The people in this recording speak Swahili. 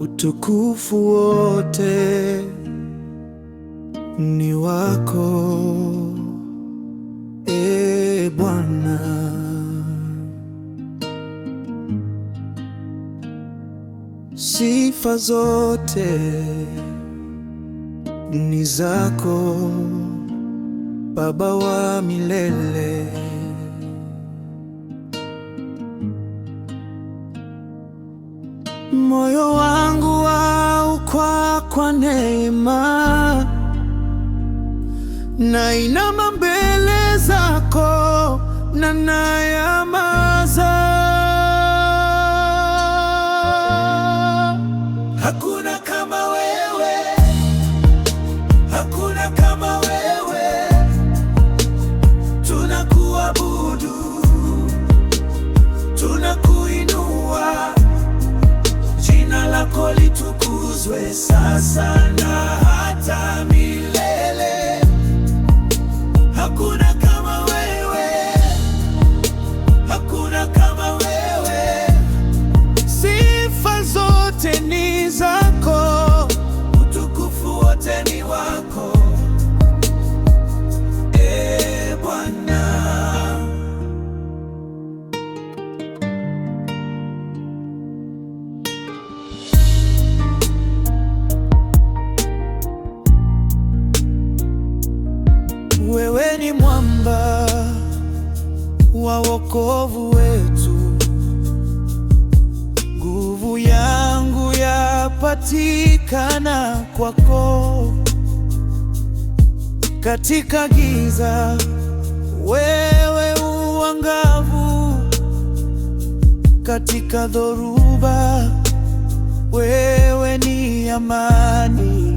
utukufu wote ni wako, e Bwana. Sifa zote ni zako, Baba wa milele. Moyo wangu waukwa kwa neema, nainama mbele zako na nayama sasa ni mwamba wa wokovu wetu, nguvu yangu yapatikana kwako. Katika giza wewe uangavu, katika dhoruba wewe ni amani.